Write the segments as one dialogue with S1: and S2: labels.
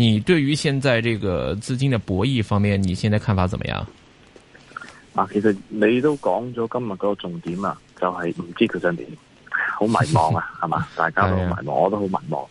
S1: 你對於現在這個資金嘅博弈方面，你現在看法怎麼樣？
S2: 啊，其實你都講咗今日個重點啦，就係、是、唔知佢想點，好迷茫啊，係 嘛？大家都好迷茫， 我都好迷茫。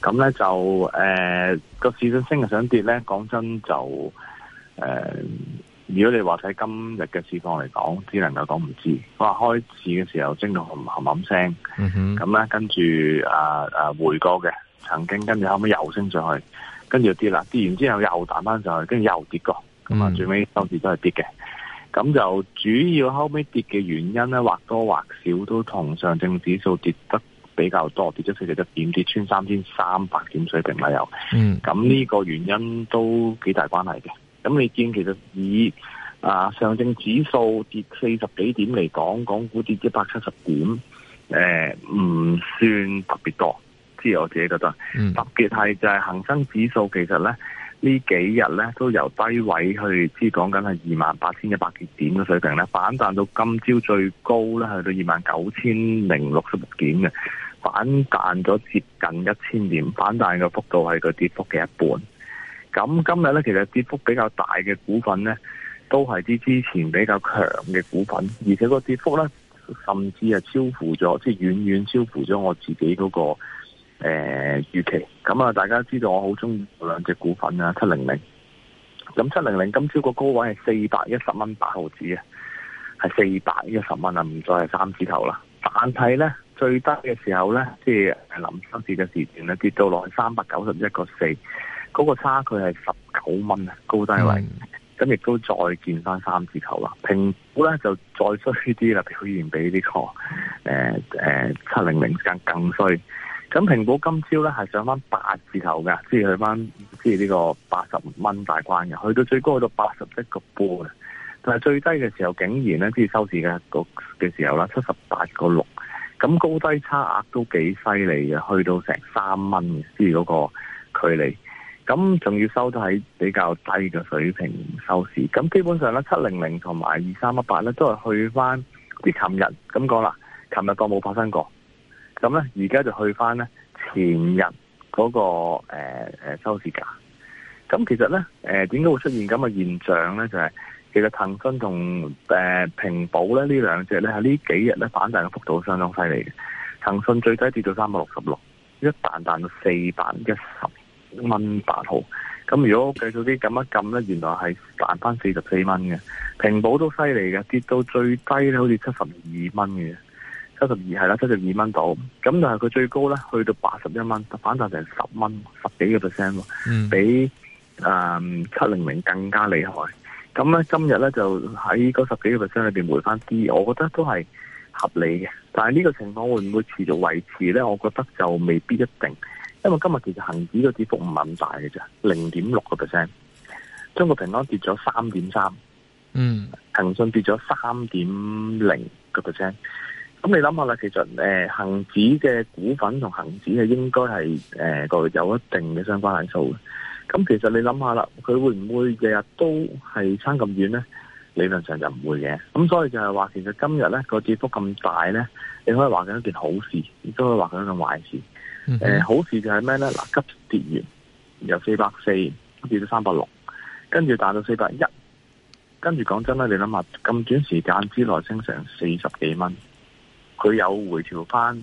S2: 咁咧就誒個市上升又想跌咧，講真就誒，如果你話睇今日嘅市況嚟講，只能夠講唔知。話開市嘅時候升到冚冚聲，咁咧跟住啊啊回過嘅，曾經跟住後屘又升上去。跟住跌啦，跌完之後又彈翻上去，跟住又跌過，咁、嗯、啊最尾收市都係跌嘅。咁就主要後尾跌嘅原因咧，或多或少都同上證指數跌得比較多，跌咗四十幾點，跌穿三千三百點水平啦又。咁、嗯、呢、這個原因都幾大關係嘅。咁你見其實以啊、呃、上證指數跌四十幾點嚟講，港股跌一百七十點，誒、呃、唔算特別多。知我自己覺得特別係就係恒生指數其實咧呢幾日咧都由低位去，即係講緊係二萬八千一百幾點嘅水平咧，反彈到今朝最高咧去到二萬九千零六十點嘅，反彈咗接近一千點，反彈嘅幅度係個跌幅嘅一半。咁今日咧其實跌幅比較大嘅股份咧，都係啲之前比較強嘅股份，而且個跌幅咧甚至係超乎咗，即係遠遠超乎咗我自己嗰個。誒、呃，預期咁啊！大家都知道我好中意兩隻股份啊，七零零。咁七零零今朝個高位係四百一十蚊八毫紙啊，係四百一十蚊啊，唔再係三字頭啦。但係咧，最低嘅時候咧，即係臨收市嘅時段咧，跌到落去三百九十一個四，嗰個差距係十九蚊啊，高低位。咁、嗯、亦都再見翻三字頭啦。平估咧就再衰啲啦，表現比呢個誒誒七零零之間更衰。更咁蘋果今朝咧係上翻八字頭嘅，即係去翻，即係呢個八十蚊大關嘅，去到最高去到八十一個半嘅，但係最低嘅時候，竟然咧，即係收市嘅嘅時候啦，七十八個六。咁高低差額都幾犀利嘅，去到成三蚊，即係嗰個距離。咁仲要收得喺比較低嘅水平收市。咁基本上咧，七零零同埋二三一八咧，都係去翻。啲琴日咁講啦，琴日當冇發生過。咁咧，而家就去翻咧前日嗰、那個誒誒、呃、收市價。咁其實咧，誒點解會出現咁嘅現象咧？就係、是、其實騰訊同誒平保咧，呢兩隻咧喺呢幾日咧反彈嘅幅度相當犀利嘅。騰訊最低跌到三百六十六，一彈彈到四百一十蚊八毫。咁如果計數機一撳咧，原來係彈翻四十四蚊嘅。平保都犀利嘅，跌到最低咧好似七十二蚊嘅。七十二係啦，七十二蚊到，咁但係佢最高咧去到八十一蚊，反彈成十蚊，十幾個 percent，mm. 比、誒、呃、七零零更加厲害。咁咧今日咧就喺嗰十幾個 percent 裏邊回翻啲，我覺得都係合理嘅。但係呢個情況會唔會持續維持咧？我覺得就未必一定，因為今日其實恒指嘅跌幅唔係咁大嘅啫，零點六個 percent。中國平安跌咗三點三，
S1: 嗯，
S2: 騰訊跌咗三點零個 percent。咁你諗下啦，其實誒、呃、恒指嘅股份同恒指嘅應該係誒個有一定嘅相關系數嘅。咁其實你諗下啦，佢會唔會日日都係差咁遠咧？理論上就唔會嘅。咁所以就係話，其實今日咧個跌幅咁大咧，你可以話緊一件好事，亦都可以話緊一件壞事。誒、嗯呃，好事就係咩咧？嗱，急跌完由四百四跌到三百六，跟住彈到四百一，跟住講真啦，你諗下咁短時間之內升成四十幾蚊。佢有回調翻，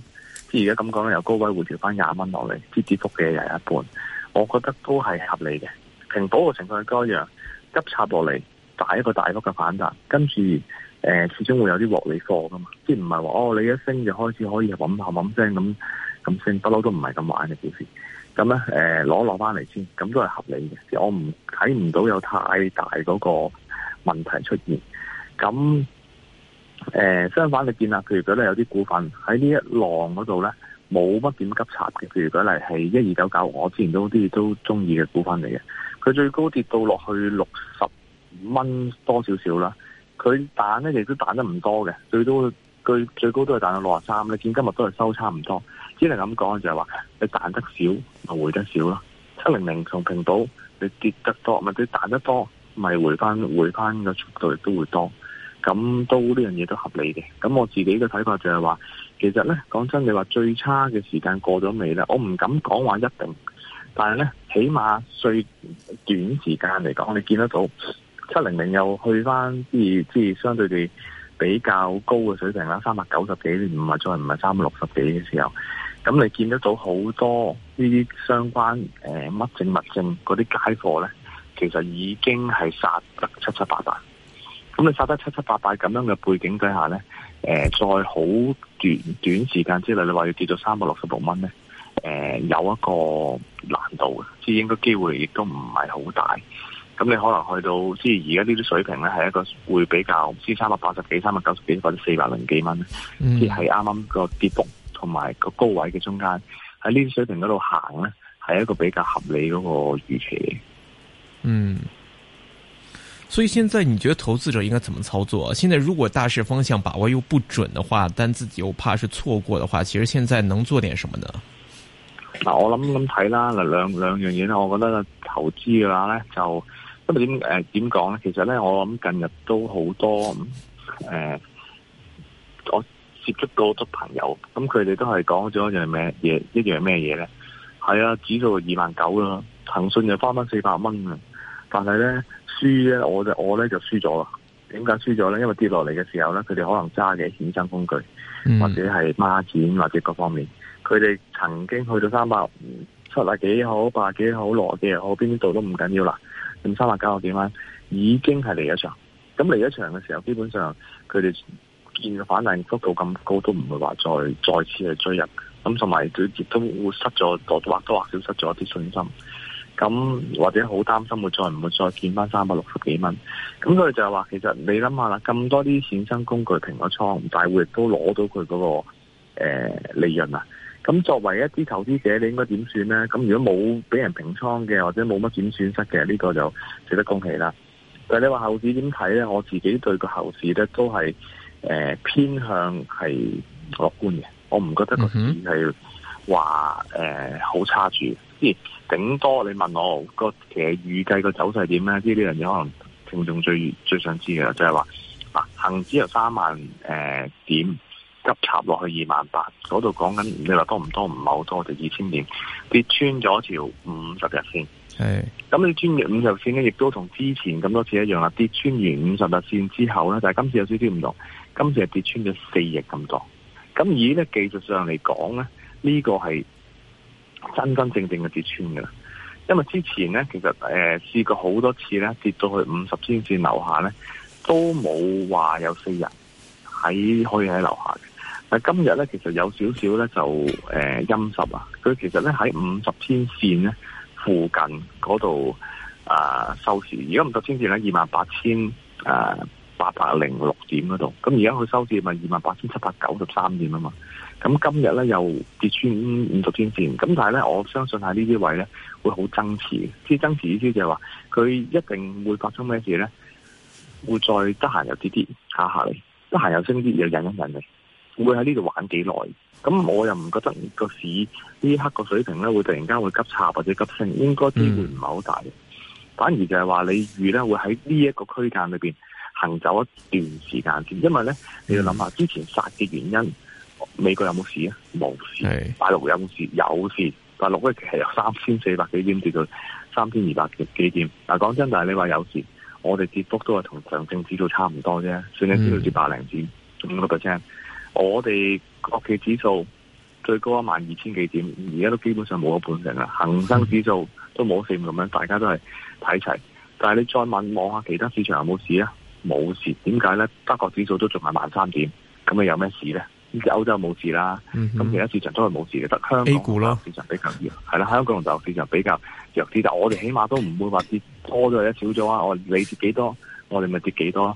S2: 即係而家咁講啦，由高位回調翻廿蚊落嚟，跌跌幅嘅又一半，我覺得都係合理嘅。平保嘅情況係一樣，急插落嚟打一個大幅嘅反彈，跟住誒始終會有啲獲利貨噶嘛，即係唔係話哦你一升就開始可以揾下揾聲咁咁升，不嬲，呃、都唔係咁玩嘅其實，咁咧誒攞落翻嚟先，咁都係合理嘅。我唔睇唔到有太大嗰個問題出現，咁。誒、呃，相反你見啦，譬如講咧有啲股份喺呢一浪嗰度咧，冇乜點急插嘅。譬如講嚟係一二九九，1299, 我之前都啲都中意嘅股份嚟嘅。佢最高跌到落去六十蚊多少少啦。佢彈咧亦都彈得唔多嘅，最多佢最高都係彈到六十三，你見今日都係收差唔多。只能咁講就係話，你彈得少咪回得少咯。七零零同平保，你跌得多咪，你彈得多咪回翻回翻嘅速度亦都會多。咁都呢樣嘢都合理嘅。咁我自己嘅睇法就係話，其實呢講真，你話最差嘅時間過咗未呢？我唔敢講話一定，但係呢，起碼最短時間嚟講，你見得到七零零又去返，即係即係相對地比較高嘅水平啦，三百九十幾，唔係再唔係三百六十幾嘅時候。咁你見得到好多呢啲相關誒乜、呃、證物證嗰啲街貨呢，其實已經係殺得七七八八。咁你殺得七七八八咁樣嘅背景底下咧，誒、呃，再好短短時間之內，你話要跌到三百六十六蚊咧，誒、呃，有一個難度嘅，即係應該機會亦都唔係好大。咁你可能去到即係而家呢啲水平咧，係一個會比較唔知三百八十幾、三百九十幾或者四百零幾蚊，即係啱啱個跌幅同埋個高位嘅中間喺呢啲水平嗰度行咧，係一個比較合理嗰個預期。嗯。
S1: 所以現在你覺得投資者應該怎麼操作？現在如果大勢方向把握又不準的話，但自己又怕是錯過的話，其實現在能做點什麼呢？
S2: 嗱、啊，我諗諗睇啦，嗱兩兩樣嘢咧，我覺得投資嘅話咧，就因為點誒點講咧？其實咧，我諗近日都好多誒、呃，我接觸過好多朋友，咁佢哋都係講咗一樣咩嘢一樣咩嘢咧？係啊，指數二萬九啦，騰訊就返返四百蚊啊！但係咧輸咧，我就我咧就輸咗啦。點解輸咗咧？因為跌落嚟嘅時候咧，佢哋可能揸嘅衍生工具，或者係孖展或者各方面，佢哋曾經去到三百七啊幾好，八啊幾好落嘅，我邊度都唔緊要啦。咁三百九啊幾蚊已經係嚟咗場，咁嚟咗場嘅時候，基本上佢哋見到反彈幅度咁高，都唔會話再再次去追入。咁同埋佢亦都會失咗多或多或少失咗啲信心。咁或者好擔心會再唔會再見翻三百六十幾蚊？咁佢就係話其實你諗下啦，咁多啲衍生工具平咗倉，但係會亦都攞到佢嗰、那個誒、呃、利潤啦。咁作為一啲投資者，你應該點算咧？咁如果冇俾人平倉嘅，或者冇乜點損失嘅，呢、這個就值得恭喜啦。但係你話後市點睇咧？我自己對個後市咧都係誒、呃、偏向係樂觀嘅，我唔覺得個市係話誒好差住。即頂多你問我個其實預計個走勢點咧？啲呢樣嘢可能聽眾最最想知嘅就係話，嗱，恒指由三萬誒點急插落去二萬八，嗰度講緊你話多唔多唔係好多，就二千點跌穿咗條五十日線。係咁你穿越五十日線咧，亦都同之前咁多次一樣啦。跌穿完五十日線之後咧，但係今次有少少唔同，今次係跌穿咗四日咁多。咁以呢技術上嚟講咧，呢個係。真真正正嘅跌穿嘅啦，因為之前咧，其實誒、呃、試過好多次咧，跌到去五十天線樓下咧，都冇話有四日喺可以喺樓下嘅。但今日咧，其實有少少咧就誒陰濕啊。佢、呃、其實咧喺五十天線咧附近嗰度啊收市。而家五十天線咧二萬八千誒八百零六點嗰度。咁而家佢收市咪二萬八千七百九十三點啊嘛。咁今日咧又跌穿五十天綫，咁但係咧我相信喺呢啲位咧會好爭持，即係爭持意思就係話佢一定會發生咩事咧？會再得閒又跌跌下下嚟，得閒又升啲又忍一忍嚟，會喺呢度玩幾耐？咁我又唔覺得個市呢一刻個水平咧會突然間會急插或者急升，應該機會唔係好大，嗯，反而就係話你預咧會喺呢一個區間裏邊行走一段時間先，因為咧你要諗下之前殺嘅原因。美國有冇事啊？冇事。大陸有冇事？有事。大陸咧其實三千四百幾點跌到三千二百幾點。但講真的，但係你話有事，我哋跌幅都係同上證指數差唔多啫，算你知道，跌百零點五六 p e 我哋國企指數最高一萬二千幾點，而家都基本上冇咗半成啦。恆生指數都冇四咁蚊，大家都係睇齊。但係你再問望下其他市場有冇事啊？冇事。點解咧？德國指數都仲係萬三點，咁你有咩事咧？啲歐洲冇事啦，咁其他市場都係冇事嘅，得香港市場比較弱，係啦，香港就市場比較弱啲，但我哋起碼都唔會話跌多咗或者少咗啊，我你跌幾多，我哋咪跌幾多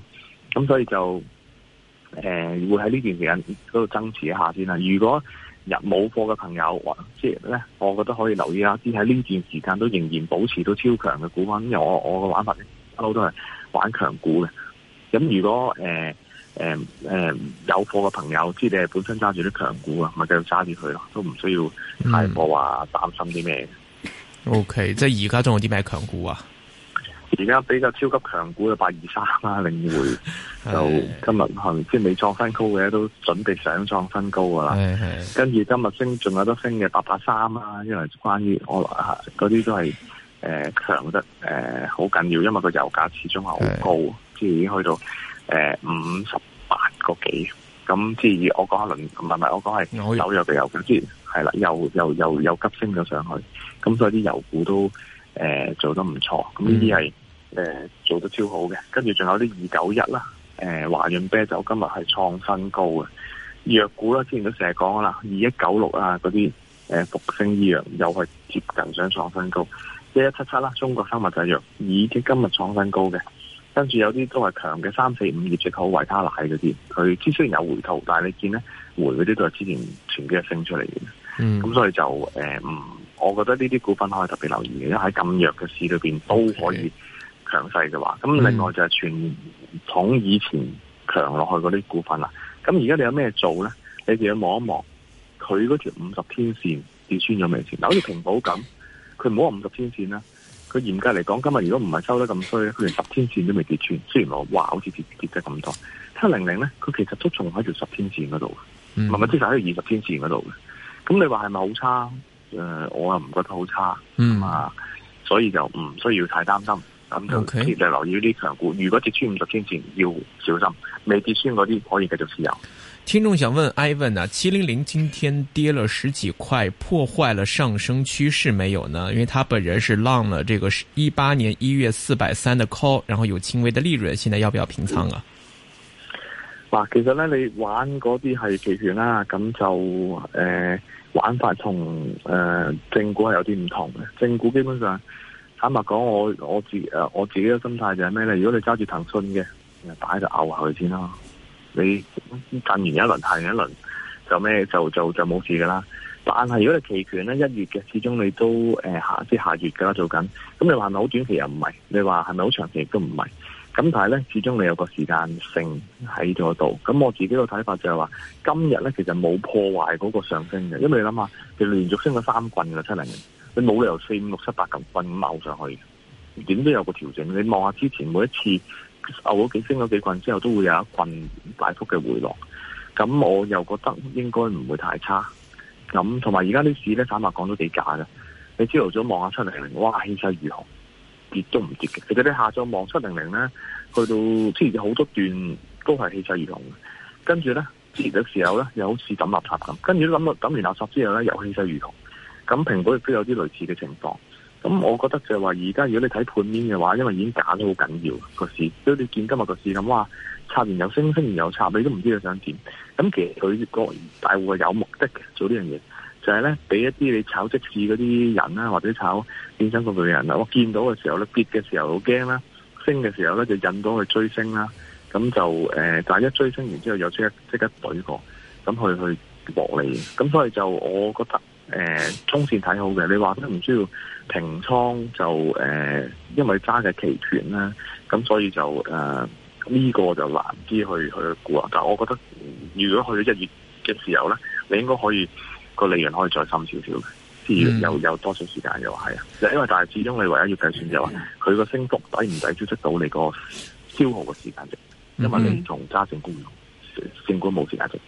S2: 囉，咁所以就誒、呃、會喺呢段時間嗰度增持一下先啦。如果入冇貨嘅朋友，即係咧，我覺得可以留意下啲喺呢段時間都仍然保持到超強嘅股份。因為我我嘅玩法咧，一路都係玩強股嘅。咁如果誒。呃誒、嗯、誒、嗯，有貨嘅朋友，知你係本身揸住啲強股啊，咪繼續揸住佢咯，都唔需要太過話擔心啲咩。嗯、o、
S1: okay, K，即係而家仲有啲咩強股啊？
S2: 而家比較超級強股嘅八二三啊，領匯 就今日係即係未創新高嘅，都準備想創新高噶啦。 跟住今日升，仲有都升嘅八八三啊，因為關於我嗰啲都係誒強得誒好緊要，因為個油價始終係好高，即 係 已經去到。誒、呃，五十八個幾，咁即係我講下輪，唔係唔係，我講係紐約嘅油，即係啦，又又又又急升咗上去，咁所以啲油股都誒、呃、做得唔錯，咁呢啲係誒做得超好嘅，跟住仲有啲二九一啦，誒華潤啤酒今日係創新高嘅，藥股啦，之前都成日講啦，二一九六啊嗰啲誒復星醫藥又係接近想創新高，一一七七啦，中國生物製藥已經今日創新高嘅。跟住有啲都係強嘅三四五業績好維他奶嗰啲，佢之雖然有回吐，但係你見咧回嗰啲都係之前前幾日升出嚟嘅，咁、嗯、所以就誒、呃，我覺得呢啲股份可以特別留意嘅，因為喺咁弱嘅市裏邊都可以強勢嘅話，咁、嗯、另外就係傳統以前強落去嗰啲股份啦，咁而家你有咩做咧？你就要望一望佢嗰條五十天線跌穿咗未先，好似平保咁，佢唔好話五十天線啦。佢嚴格嚟講，今日如果唔係收得咁衰，佢連十天線都未跌穿。雖然話哇，好似跌跌得咁多，七零零咧，佢其實都仲喺條十天線嗰度，唔、嗯、係即係喺個二十天線嗰度嘅。咁你話係咪好差、呃？我又唔覺得好差啊、嗯、所以就唔需要太擔心。咁就留意啲強股，如果跌穿五十天線要小心，未跌穿嗰啲可以繼
S1: 續持有。聽眾想問 Ivan 啊，七零零今天跌了十幾塊，破壞了上升趨勢沒有呢？因為他本人是浪了這個一八年一月四百三的 call，然後有輕微的利潤，現在要不要平倉啊？
S2: 嗱，其實咧你玩嗰啲係期權啦，咁就誒、呃、玩法、呃、同誒正股係有啲唔同嘅，正股基本上。坦白講，我我自、呃、我自己嘅心態就係咩咧？如果你揸住騰訊嘅，誒打就拗下佢先啦。你近完一輪行一輪，就咩就就就冇事噶啦。但係如果你期權咧，一月嘅始終你都誒、呃、下即係下月噶啦做緊。咁你話係咪好短期？又唔係。你話係咪好長期？亦都唔係。咁但係咧，始終你有個時間性喺咗度。咁我自己個睇法就係話，今日咧其實冇破壞嗰個上升嘅，因為你諗下，其實連續升咗三棍㗎。七零。你冇理由四五六七八咁棍咁拗上去，點都有個調整。你望下之前每一次拗咗幾星升咗幾棍之後，都會有一棍大幅嘅回落。咁我又覺得應該唔會太差。咁同埋而家啲市咧，坦白講都幾假嘅。你朝頭早望下七零零，哇，氣勢如虹，跌都唔跌嘅。其實你下晝望七零零咧，去到之前好多段都係氣勢如虹。跟住咧，之前嘅時候咧，又好似抌垃圾咁，跟住都諗到抌完垃圾之後咧，又氣勢如虹。咁蘋果亦都有啲類似嘅情況，咁我覺得就係話，而家如果你睇盤面嘅話，因為已經揀得好緊要個市，所以你見今日個市咁話，插完又升，升完又插，你都唔知佢想點。咁其實佢個大戶係有目的嘅，做、就係、呢樣嘢就係咧，俾一啲你炒即市嗰啲人啦，或者炒變相數據人啦，我見到嘅時候咧跌嘅時候好驚啦，升嘅時候咧就引到去追升啦，咁就誒、呃，但係一追升完之後又即一即刻懟過，咁去去獲利。咁所以就我覺得。誒、呃，中綫睇好嘅，你話都唔需要平倉就誒、呃，因為揸嘅期權啦，咁所以就誒呢、呃這個就難啲去去估啊。但係我覺得，呃、如果去到一月嘅時候咧，你應該可以個利潤可以再深少少，即係又有多少時間嘅話係啊。因為但係始終你唯一要計算就係話，佢個升幅抵唔抵消得到你個消耗嘅時間值？因為你同揸正股正股冇時間值。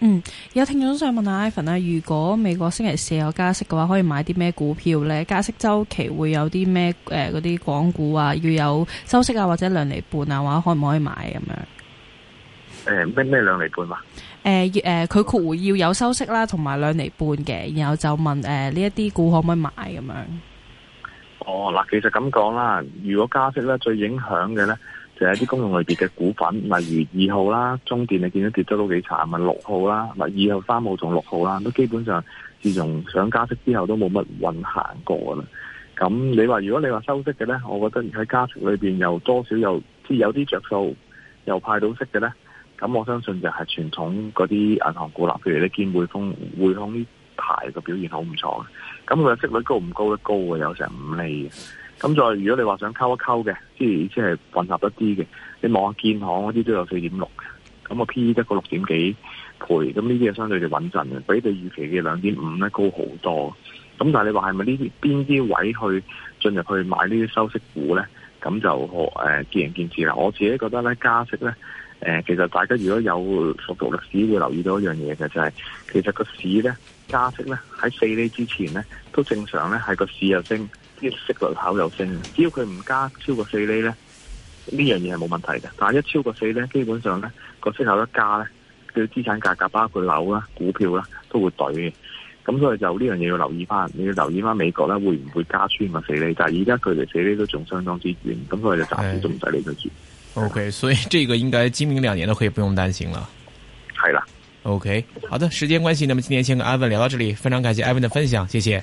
S3: 嗯，有聽眾想問下 Evan 咧，如果美國星期四有加息嘅話，可以買啲咩股票咧？加息周期會有啲咩誒嗰啲港股啊要有收息啊或者兩厘半啊，或者可唔可以買咁、啊、樣？
S2: 誒、呃，咩咩兩厘半嘛、
S3: 啊？誒、呃，誒、呃，佢括弧要有收息啦、啊，同埋兩厘半嘅，然後就問誒呢、呃、一啲股可唔可以買咁、啊、樣？
S2: 哦，嗱、呃，其實咁講啦，如果加息咧最影響嘅咧。就係一啲公用類別嘅股份，例如二號啦、中電，你見到跌得都幾慘，咪六號啦，咪二號、三號同六號啦，都基本上自從上加息之後都冇乜運行過啦。咁你話如果你話收息嘅咧，我覺得喺加息裏邊又多少又即係有啲着數，又派到息嘅咧。咁我相信就係傳統嗰啲銀行股啦，譬如你見匯豐、匯豐呢排嘅表現好唔錯嘅，咁佢嘅息率高唔高咧高？高嘅有成五厘。咁再如果你話想溝一溝嘅，即係即係混合一啲嘅，你望下建行嗰啲都有四點六嘅，咁我 P E 得個六點幾倍，咁呢啲嘢相對就穩陣嘅，比你預期嘅兩點五咧高好多。咁但係你話係咪呢啲邊啲位去進入去買呢啲收息股咧？咁就誒見仁見智啦。我自己覺得咧加息咧，誒其實大家如果有熟讀歷史會留意到一樣嘢嘅，就係、是、其實個市咧加息咧喺四釐之前咧都正常咧，係個市又升。要息率口又升，只要佢唔加超過四厘咧，呢樣嘢係冇問題嘅。但係一超過四厘，基本上咧個息口一加咧，佢資產價格包括樓啦、股票啦都會懟嘅。咁所以就呢樣嘢要留意翻，你要留意翻美國咧會唔會加穿個四厘？但係而家佢離四厘都仲相當之遠，咁所以就暫時仲唔使理佢住。
S1: 哎、o、okay, K，所以呢個應該今明兩年都可以不用擔心啦。係啦。O、okay, K，好的，時間關係，那麼今天先跟艾文聊到這裡，非常感謝艾文的分享，謝謝。